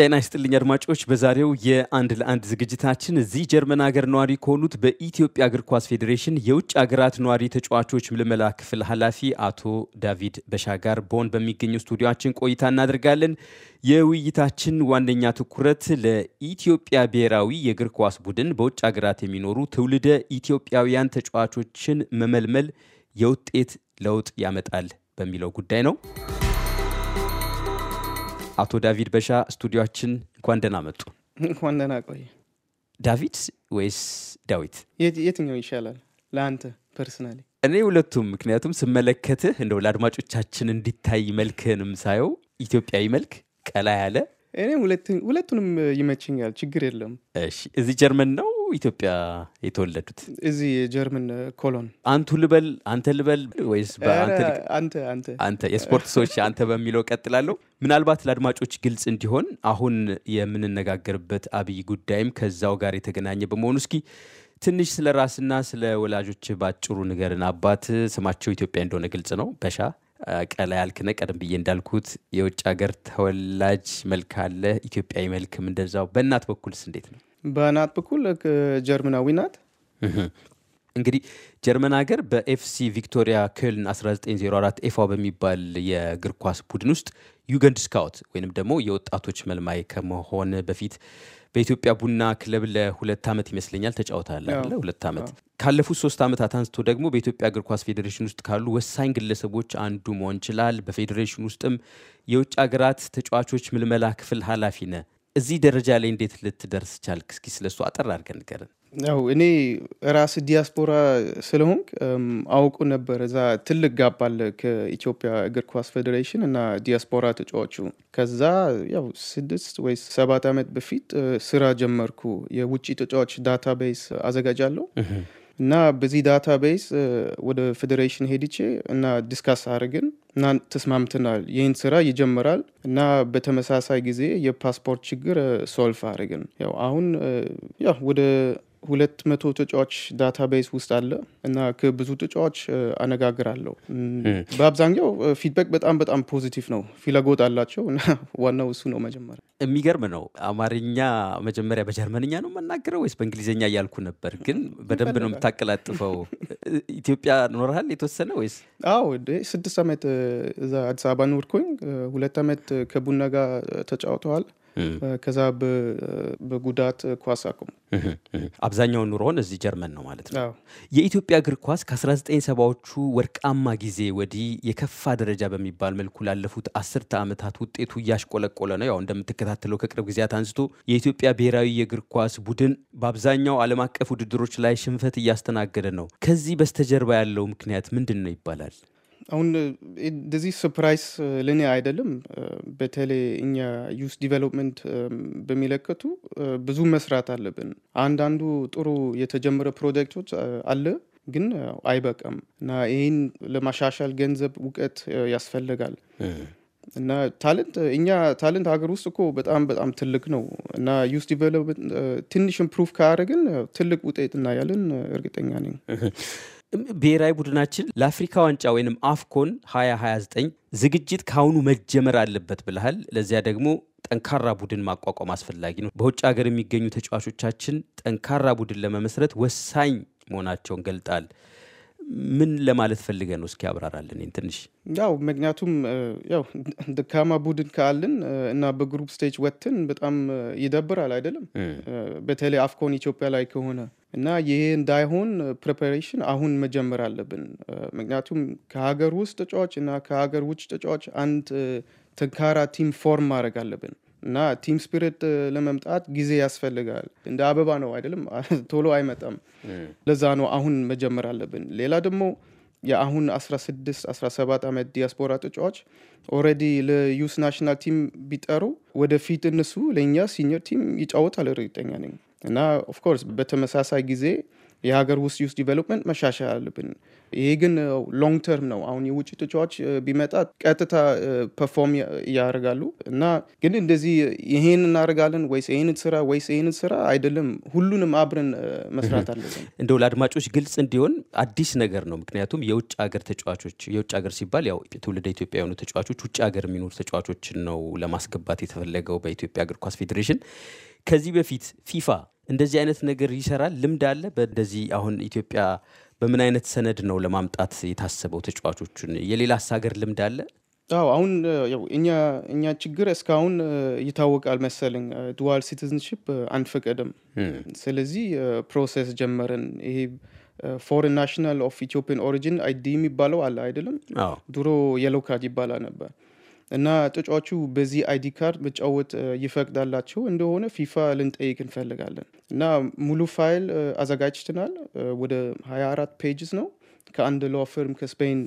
ጤና ይስጥልኝ አድማጮች። በዛሬው የአንድ ለአንድ ዝግጅታችን እዚህ ጀርመን ሀገር ነዋሪ ከሆኑት በኢትዮጵያ እግር ኳስ ፌዴሬሽን የውጭ ሀገራት ነዋሪ ተጫዋቾች ምልመላ ክፍል ኃላፊ አቶ ዳቪድ በሻ ጋር ቦን በሚገኘው ስቱዲዮችን ቆይታ እናደርጋለን። የውይይታችን ዋነኛ ትኩረት ለኢትዮጵያ ብሔራዊ የእግር ኳስ ቡድን በውጭ ሀገራት የሚኖሩ ትውልደ ኢትዮጵያውያን ተጫዋቾችን መመልመል የውጤት ለውጥ ያመጣል በሚለው ጉዳይ ነው። አቶ ዳቪድ በሻ ስቱዲዮችን እንኳን ደህና መጡ። እንኳን ደህና ቆይ። ዳቪድ ወይስ ዳዊት የትኛው ይሻላል ለአንተ ፐርሰናሊ? እኔ ሁለቱም፣ ምክንያቱም ስመለከትህ እንደው ለአድማጮቻችን እንዲታይ መልክህንም ሳየው ኢትዮጵያዊ መልክ ቀላ ያለ እኔ ሁለቱንም ይመችኛል፣ ችግር የለም። እሺ፣ እዚህ ጀርመን ነው ኢትዮጵያ የተወለዱት? እዚህ የጀርመን ኮሎን። አንቱ ልበል አንተ ልበል ወይስ አንተ? የስፖርት ሰዎች አንተ በሚለው ቀጥላለሁ። ምናልባት ለአድማጮች ግልጽ እንዲሆን አሁን የምንነጋገርበት አብይ ጉዳይም ከዛው ጋር የተገናኘ በመሆኑ እስኪ ትንሽ ስለ ራስና ስለ ወላጆች ባጭሩ ንገርን። አባት ስማቸው ኢትዮጵያ እንደሆነ ግልጽ ነው። በሻ ቀላ ያልክነ ቀደም ብዬ እንዳልኩት የውጭ ሀገር ተወላጅ መልክ አለ፣ ኢትዮጵያዊ መልክም እንደዛው። በእናት በኩልስ እንዴት ነው? በናት በኩል ጀርመናዊ ናት። እንግዲህ ጀርመን ሀገር በኤፍሲ ቪክቶሪያ ክልን 1904 ኤፋ በሚባል የእግር ኳስ ቡድን ውስጥ ዩገንድ ስካውት ወይንም ደግሞ የወጣቶች መልማይ ከመሆን በፊት በኢትዮጵያ ቡና ክለብ ለሁለት ዓመት ይመስለኛል ተጫውታለህ። ሁለት ዓመት ካለፉት ሶስት ዓመታት አንስቶ ደግሞ በኢትዮጵያ እግር ኳስ ፌዴሬሽን ውስጥ ካሉ ወሳኝ ግለሰቦች አንዱ መሆን ችላል። በፌዴሬሽን ውስጥም የውጭ ሀገራት ተጫዋቾች ምልመላ ክፍል ኃላፊ ነህ። እዚህ ደረጃ ላይ እንዴት ልትደርስ ቻልክ? እስኪ ስለሱ አጠር አድርገን ንገረን። ያው እኔ ራስ ዲያስፖራ ስለሆንክ አውቁ ነበር። እዛ ትልቅ ጋብ አለ ከኢትዮጵያ እግር ኳስ ፌዴሬሽን እና ዲያስፖራ ተጫዋቹ። ከዛ ያው ስድስት ወይ ሰባት ዓመት በፊት ስራ ጀመርኩ። የውጭ ተጫዋች ቤስ አዘጋጃለሁ። እና በዚህ ዳታ ቤስ ወደ ፌዴሬሽን ሄድቼ እና ዲስካስ አድርግን እና ተስማምተናል። ይህን ስራ ይጀምራል እና በተመሳሳይ ጊዜ የፓስፖርት ችግር ሶልፍ አድርግን ያው አሁን ያው ወደ ሁለት መቶ ተጫዋች ዳታቤዝ ውስጥ አለ እና ከብዙ ተጫዋች አነጋግራለሁ። በአብዛኛው ፊድባክ በጣም በጣም ፖዚቲቭ ነው፣ ፊለጎት አላቸው እና ዋናው እሱ ነው። መጀመሪያ የሚገርም ነው። አማርኛ መጀመሪያ በጀርመንኛ ነው የምናገረው ወይስ በእንግሊዝኛ እያልኩ ነበር፣ ግን በደንብ ነው የምታቀላጥፈው። ኢትዮጵያ ኖርሃል የተወሰነ ወይስ? አዎ ስድስት ዓመት እዛ አዲስ አበባ ኖርኩኝ። ሁለት ዓመት ከቡና ጋር ተጫውተዋል። ከዛ በጉዳት ኳስ አቁም። አብዛኛውን ኑሮን እዚህ ጀርመን ነው ማለት ነው። የኢትዮጵያ እግር ኳስ ከ1970ዎቹ ወርቃማ ጊዜ ወዲህ የከፋ ደረጃ በሚባል መልኩ ላለፉት አስርተ ዓመታት ውጤቱ እያሽቆለቆለ ነው። ያው እንደምትከታተለው ከቅርብ ጊዜያት አንስቶ የኢትዮጵያ ብሔራዊ የእግር ኳስ ቡድን በአብዛኛው ዓለም አቀፍ ውድድሮች ላይ ሽንፈት እያስተናገደ ነው። ከዚህ በስተጀርባ ያለው ምክንያት ምንድን ነው ይባላል? አሁን እንደዚህ ሰፕራይስ uh, ለእኔ አይደለም። uh, በተለይ እኛ ዩስ ዲቨሎፕመንት um, በሚለከቱ uh, ብዙ መስራት አለብን። አንዳንዱ ጥሩ የተጀመረ ፕሮጀክቶች አለ ግን አይበቃም እና ይህን ለማሻሻል ገንዘብ፣ እውቀት ያስፈልጋል እና ታለንት እኛ ታለንት ሀገር ውስጥ እኮ በጣም በጣም ትልቅ ነው እና ዩስ ዲቨሎፕመንት ትንሽ ኢምፕሩቭ ካደረግን ትልቅ ውጤት እናያለን፣ እርግጠኛ ነኝ። ብሔራዊ ቡድናችን ለአፍሪካ ዋንጫ ወይም አፍኮን 2029 ዝግጅት ከአሁኑ መጀመር አለበት ብለሃል። ለዚያ ደግሞ ጠንካራ ቡድን ማቋቋም አስፈላጊ ነው። በውጭ ሀገር የሚገኙ ተጫዋቾቻችን ጠንካራ ቡድን ለመመስረት ወሳኝ መሆናቸውን ገልጣል። ምን ለማለት ፈልገ ነው? እስኪ አብራራልን ትንሽ። ያው ምክንያቱም ያው ደካማ ቡድን ካልን እና በግሩፕ ስቴጅ ወጥትን በጣም ይደብራል አይደለም? በተለይ አፍኮን ኢትዮጵያ ላይ ከሆነ እና ይሄ እንዳይሆን ፕሬፓሬሽን አሁን መጀመር አለብን። ምክንያቱም ከሀገር ውስጥ ተጫዋች እና ከሀገር ውጭ ተጫዋች አንድ ተንካራ ቲም ፎርም ማድረግ አለብን። እና ቲም ስፒሪት ለመምጣት ጊዜ ያስፈልጋል። እንደ አበባ ነው አይደለም፣ ቶሎ አይመጣም። ለዛ ነው አሁን መጀመር አለብን። ሌላ ደግሞ የአሁን 16 17 ዓመት ዲያስፖራ ተጫዋች ኦረዲ ለዩስ ናሽናል ቲም ቢጠሩ ወደፊት እነሱ ለእኛ ሲኒር ቲም ይጫወታል ርግጠኛ ነኝ። እና ኦፍኮርስ በተመሳሳይ ጊዜ የሀገር ውስጥ ዩስ ዲቨሎፕመንት መሻሻል አለብን። ይሄ ግን ሎንግ ተርም ነው። አሁን የውጭ ተጫዋች ቢመጣ ቀጥታ ፐርፎርም uh, ያደርጋሉ እና ግን እንደዚህ ይሄን እናደርጋለን ወይስ ይህን ስራ ወይስ ይህን ስራ አይደለም፣ ሁሉንም አብረን uh, መስራት አለብን። እንደው ለአድማጮች ግልጽ እንዲሆን አዲስ ነገር ነው። ምክንያቱም የውጭ ሀገር ተጫዋቾች የውጭ ሀገር ሲባል ያው ትውልደ ኢትዮጵያ የሆኑ ተጫዋቾች ውጭ ሀገር የሚኖሩ ተጫዋቾችን ነው ለማስገባት የተፈለገው በኢትዮጵያ እግር ኳስ ፌዴሬሽን ከዚህ በፊት ፊፋ እንደዚህ አይነት ነገር ይሰራል? ልምድ አለ? በእንደዚህ አሁን ኢትዮጵያ በምን አይነት ሰነድ ነው ለማምጣት የታሰበው ተጫዋቾቹን? የሌላ ሀገር ልምድ አለ? አዎ አሁን እኛ እኛ ችግር እስካሁን ይታወቃል መሰለኝ። ዱዋል ሲቲዝንሽፕ አንፈቀድም። ስለዚህ ፕሮሰስ ጀመረን ይሄ ፎሬን ናሽናል ኦፍ ኢትዮጵያን ኦሪጂን አይዲ የሚባለው አለ አይደለም? ድሮ የሎካድ ይባላል ነበር። እና ተጫዋቹ በዚህ አይዲ ካርድ መጫወት ይፈቅዳላቸው እንደሆነ ፊፋ ልንጠይቅ እንፈልጋለን። እና ሙሉ ፋይል አዘጋጅተናል። ወደ 24 ፔጅስ ነው። ከአንድ ሎ ፍርም ከስፔን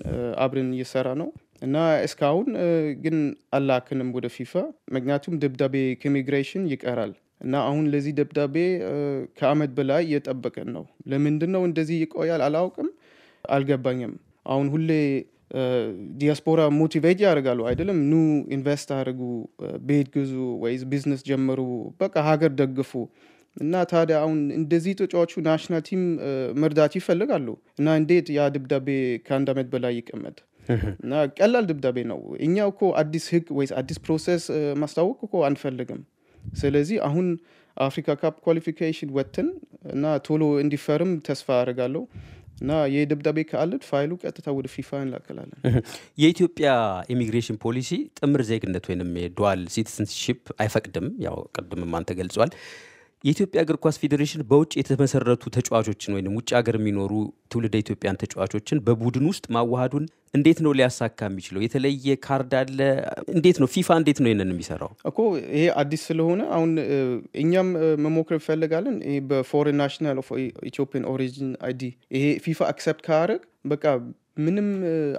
አብረን እየሰራ ነው እና እስካሁን ግን አላክንም ወደ ፊፋ፣ ምክንያቱም ደብዳቤ ከኢሚግሬሽን ይቀራል እና አሁን ለዚህ ደብዳቤ ከአመት በላይ እየጠበቀን ነው። ለምንድን ነው እንደዚህ ይቆያል? አላውቅም፣ አልገባኝም። አሁን ሁሌ ዲያስፖራ ሞቲቬት ያደርጋሉ አይደለም ኑ ኢንቨስት አድርጉ ቤት ግዙ ወይ ቢዝነስ ጀምሩ በቃ ሀገር ደግፉ እና ታዲያ አሁን እንደዚህ ተጫዋቹ ናሽናል ቲም መርዳት ይፈልጋሉ እና እንዴት ያ ድብዳቤ ከአንድ አመት በላይ ይቀመጥ እና ቀላል ድብዳቤ ነው እኛ እኮ አዲስ ህግ ወይስ አዲስ ፕሮሰስ ማስታወቅ እኮ አንፈልግም ስለዚህ አሁን አፍሪካ ካፕ ኳሊፊኬሽን ወትን እና ቶሎ እንዲፈርም ተስፋ አደርጋለሁ እና የደብዳቤ ካለን ፋይሉ ቀጥታ ወደ ፊፋ እንላከላለን። የኢትዮጵያ ኢሚግሬሽን ፖሊሲ ጥምር ዜግነት ወይንም ዱዋል ሲቲዝንሽፕ አይፈቅድም። ያው ቅድምም አንተ ገልጿል። የኢትዮጵያ እግር ኳስ ፌዴሬሽን በውጭ የተመሰረቱ ተጫዋቾችን ወይም ውጭ ሀገር የሚኖሩ ትውልደ ኢትዮጵያን ተጫዋቾችን በቡድን ውስጥ ማዋሃዱን እንዴት ነው ሊያሳካ የሚችለው? የተለየ ካርድ አለ? እንዴት ነው ፊፋ እንዴት ነው ይንን የሚሰራው? እኮ ይሄ አዲስ ስለሆነ አሁን እኛም መሞክር እንፈልጋለን። በፎሬን ናሽናል ኢትዮጵያን ኦሪጂን አይዲ ይሄ ፊፋ አክሰፕት ካረግ በቃ ምንም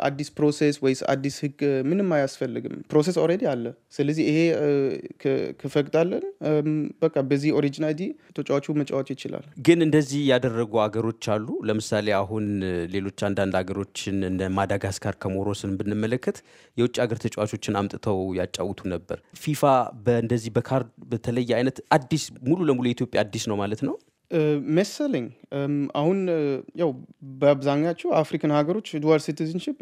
አዲስ ፕሮሴስ ወይስ አዲስ ህግ ምንም አያስፈልግም። ፕሮሴስ ኦረዲ አለ። ስለዚህ ይሄ ክፈቅዳለን በቃ በዚህ ኦሪጂናሊቲ ተጫዋቹ መጫወት ይችላል። ግን እንደዚህ ያደረጉ አገሮች አሉ። ለምሳሌ አሁን ሌሎች አንዳንድ አገሮችን እንደ ማዳጋስካር ከሞሮስን ብንመለከት የውጭ ሀገር ተጫዋቾችን አምጥተው ያጫውቱ ነበር። ፊፋ በእንደዚህ በካርድ በተለየ አይነት አዲስ ሙሉ ለሙሉ የኢትዮጵያ አዲስ ነው ማለት ነው መሰለኝ አሁን ያው በአብዛኛቸው አፍሪካን ሀገሮች ዱዋል ሲቲዝንሽፕ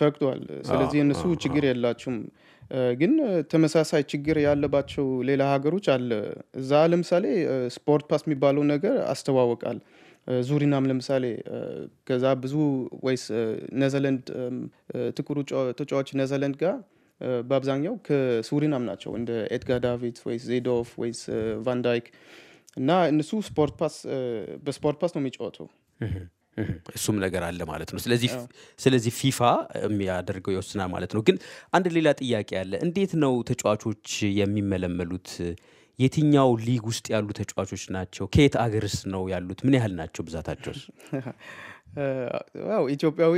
ፈቅዷል ስለዚህ እነሱ ችግር የላቸውም። ግን ተመሳሳይ ችግር ያለባቸው ሌላ ሀገሮች አለ። እዛ ለምሳሌ ስፖርት ፓስ የሚባለው ነገር አስተዋወቃል። ዙሪናም ለምሳሌ ከዛ ብዙ ወይስ ኔዘርላንድ ጥቁሩ ተጫዋች ኔዘርላንድ ጋር በአብዛኛው ከሱሪናም ናቸው እንደ ኤድጋር ዳቪት ወይስ ዜዶፍ ወይስ ቫንዳይክ እና እነሱ ስፖርት ፓስ በስፖርት ፓስ ነው የሚጫወቱ። እሱም ነገር አለ ማለት ነው። ስለዚህ ስለዚህ ፊፋ የሚያደርገው ይወስናል ማለት ነው። ግን አንድ ሌላ ጥያቄ አለ። እንዴት ነው ተጫዋቾች የሚመለመሉት? የትኛው ሊግ ውስጥ ያሉ ተጫዋቾች ናቸው? ከየት አገርስ ነው ያሉት? ምን ያህል ናቸው ብዛታቸው? ኢትዮጵያዊ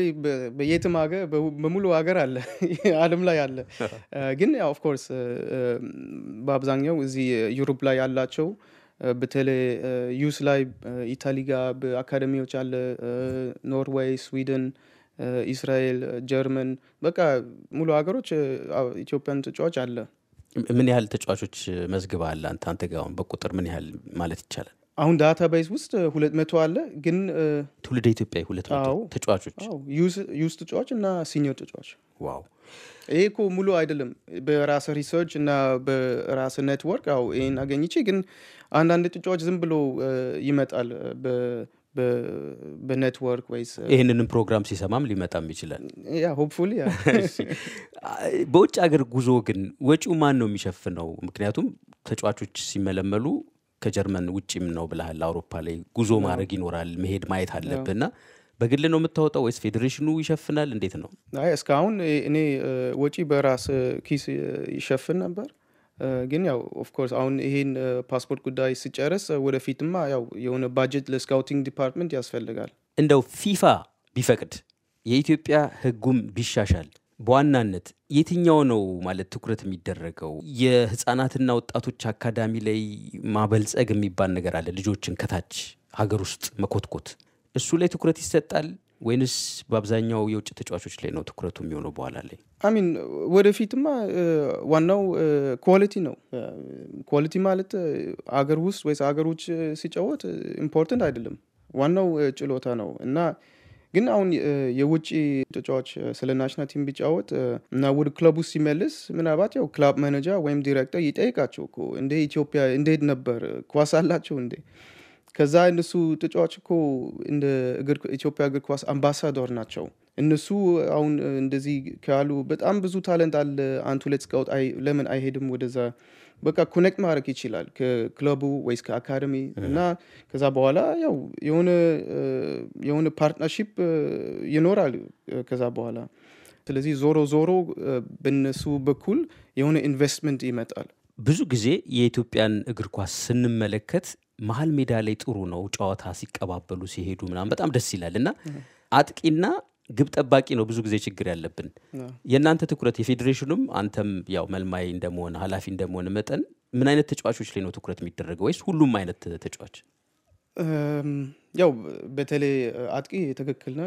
በየትም ሀገር በሙሉ ሀገር አለ፣ አለም ላይ አለ። ግን ኦፍኮርስ በአብዛኛው እዚህ ዩሮፕ ላይ ያላቸው በተለይ ዩስ ላይ ኢታሊ ጋር በአካደሚዎች አለ፣ ኖርዌይ፣ ስዊድን፣ ኢስራኤል፣ ጀርመን በቃ ሙሉ ሀገሮች ኢትዮጵያን ተጫዋች አለ። ምን ያህል ተጫዋቾች መዝግባ አለ አንተ አንተ ጋር በቁጥር ምን ያህል ማለት ይቻላል? አሁን ዳታቤዝ ውስጥ ሁለት መቶ አለ ግን ትውልደ ኢትዮጵያ ሁለት መቶ ተጫዋቾች ዩስ ተጫዋች እና ሲኒዮር ተጫዋች። ዋው ይሄ እኮ ሙሉ አይደለም። በራስ ሪሰርች እና በራስ ኔትወርክ ው ይህን አገኝቼ ግን አንዳንድ ተጫዋች ዝም ብሎ ይመጣል በኔትወርክ ወይስ ይህንንም ፕሮግራም ሲሰማም ሊመጣም ይችላል። ያ ሆፕፉሊ በውጭ ሀገር ጉዞ ግን ወጪው ማን ነው የሚሸፍነው? ምክንያቱም ተጫዋቾች ሲመለመሉ ከጀርመን ውጭም ነው ብለሃል። አውሮፓ ላይ ጉዞ ማድረግ ይኖራል፣ መሄድ ማየት አለብህ እና በግል ነው የምታወጣው ወይስ ፌዴሬሽኑ ይሸፍናል? እንዴት ነው? አይ እስካሁን እኔ ወጪ በራስ ኪስ ይሸፍን ነበር። ግን ያው ኦፍኮርስ አሁን ይሄን ፓስፖርት ጉዳይ ስጨርስ ወደፊትማ ያው የሆነ ባጀት ለስካውቲንግ ዲፓርትመንት ያስፈልጋል። እንደው ፊፋ ቢፈቅድ የኢትዮጵያ ሕጉም ቢሻሻል በዋናነት የትኛው ነው ማለት ትኩረት የሚደረገው? የህፃናትና ወጣቶች አካዳሚ ላይ ማበልጸግ የሚባል ነገር አለ። ልጆችን ከታች ሀገር ውስጥ መኮትኮት፣ እሱ ላይ ትኩረት ይሰጣል ወይንስ በአብዛኛው የውጭ ተጫዋቾች ላይ ነው ትኩረቱ የሚሆነው? በኋላ ላይ አሚን ወደፊትማ ዋናው ኳሊቲ ነው። ኳሊቲ ማለት አገር ውስጥ ወይስ አገር ውጭ ሲጫወት ኢምፖርተንት አይደለም። ዋናው ችሎታ ነው እና ግን አሁን የውጭ ተጫዋች ስለ ናሽናል ቲም ቢጫወት እና ወደ ክለቡ ሲመልስ ምናልባት ያው ክላብ ማኔጀር ወይም ዲሬክተር ይጠይቃቸው እኮ እንደ ኢትዮጵያ እንዴት ነበር ኳስ አላቸው እንዴ? ከዛ እነሱ ተጫዋች እኮ እንደ ኢትዮጵያ እግር ኳስ አምባሳደር ናቸው። እነሱ አሁን እንደዚህ ካሉ በጣም ብዙ ታለንት አለ። አንድ ሁለት ስቃውት ለምን አይሄድም ወደዛ በቃ ኮኔክት ማድረግ ይችላል ከክለቡ ወይስ ከአካደሚ እና ከዛ በኋላ ያው የሆነ የሆነ ይኖራል ከዛ በኋላ ስለዚህ ዞሮ ዞሮ በነሱ በኩል የሆነ ኢንቨስትመንት ይመጣል። ብዙ ጊዜ የኢትዮጵያን እግር ኳስ ስንመለከት መሀል ሜዳ ላይ ጥሩ ነው ጨዋታ ሲቀባበሉ ሲሄዱ ምናምን በጣም ደስ ይላል እና አጥቂና ግብ ጠባቂ ነው ብዙ ጊዜ ችግር ያለብን። የእናንተ ትኩረት የፌዴሬሽኑም አንተም ያው መልማይ እንደመሆን ኃላፊ እንደመሆን መጠን ምን አይነት ተጫዋቾች ላይ ነው ትኩረት የሚደረገው ወይስ ሁሉም አይነት ተጫዋች? ያው በተለይ አጥቂ ትክክል ነ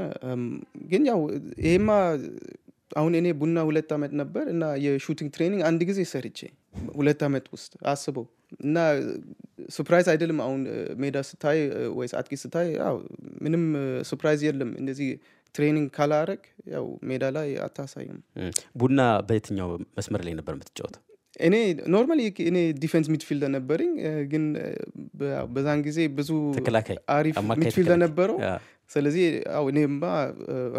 ግን ያው ይሄማ አሁን እኔ ቡና ሁለት ዓመት ነበር እና የሹቲንግ ትሬኒንግ አንድ ጊዜ ሰርቼ ሁለት ዓመት ውስጥ አስበው እና ሱፕራይዝ አይደለም። አሁን ሜዳ ስታይ ወይስ አጥቂ ስታይ ምንም ሱፕራይዝ የለም እንደዚህ ትሬኒንግ ካላረግ ያው ሜዳ ላይ አታሳይም። ቡና በየትኛው መስመር ላይ ነበር የምትጫወት እኔ ኖርማሊ እኔ ዲፌንስ ሚድፊልደር ነበርኝ ግን በዛን ጊዜ ብዙ ተከላካይ አሪፍ ሚድፊልደር ነበረው። ስለዚህ እኔ ማ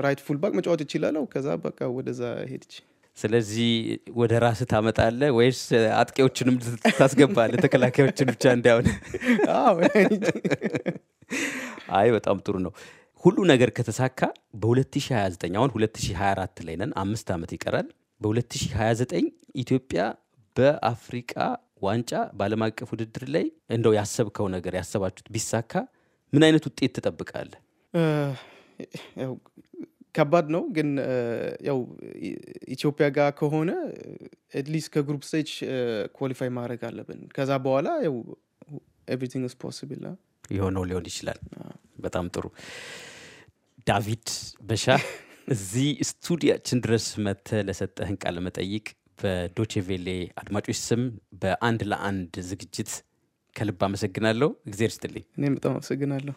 ራይት ፉልባክ መጫወት ይችላለው ከዛ በቃ ወደዛ ሄድች። ስለዚህ ወደ ራስ ታመጣለ ወይስ አጥቂዎችንም ታስገባለ? ተከላካዮችን ብቻ እንዳይሆን። አይ በጣም ጥሩ ነው። ሁሉ ነገር ከተሳካ በ2029 አሁን 2024 ላይ ነን፣ አምስት ዓመት ይቀራል። በ2029 ኢትዮጵያ በአፍሪቃ ዋንጫ በዓለም አቀፍ ውድድር ላይ እንደው ያሰብከው ነገር ያሰባችሁት ቢሳካ ምን አይነት ውጤት ትጠብቃለህ? ከባድ ነው ግን ያው ኢትዮጵያ ጋር ከሆነ ኤትሊስት ከግሩፕ ስቴጅ ኳሊፋይ ማድረግ አለብን። ከዛ በኋላ ያው ኤቭሪቲንግ ኢዝ ፖስብል የሆነው ሊሆን ይችላል። በጣም ጥሩ። ዳቪድ በሻ እዚህ ስቱዲያችን ድረስ መተ ለሰጠህን ቃለ መጠይቅ በዶቼቬሌ አድማጮች ስም በአንድ ለአንድ ዝግጅት ከልብ አመሰግናለሁ። እግዜር ይስጥልኝ። እኔም በጣም አመሰግናለሁ።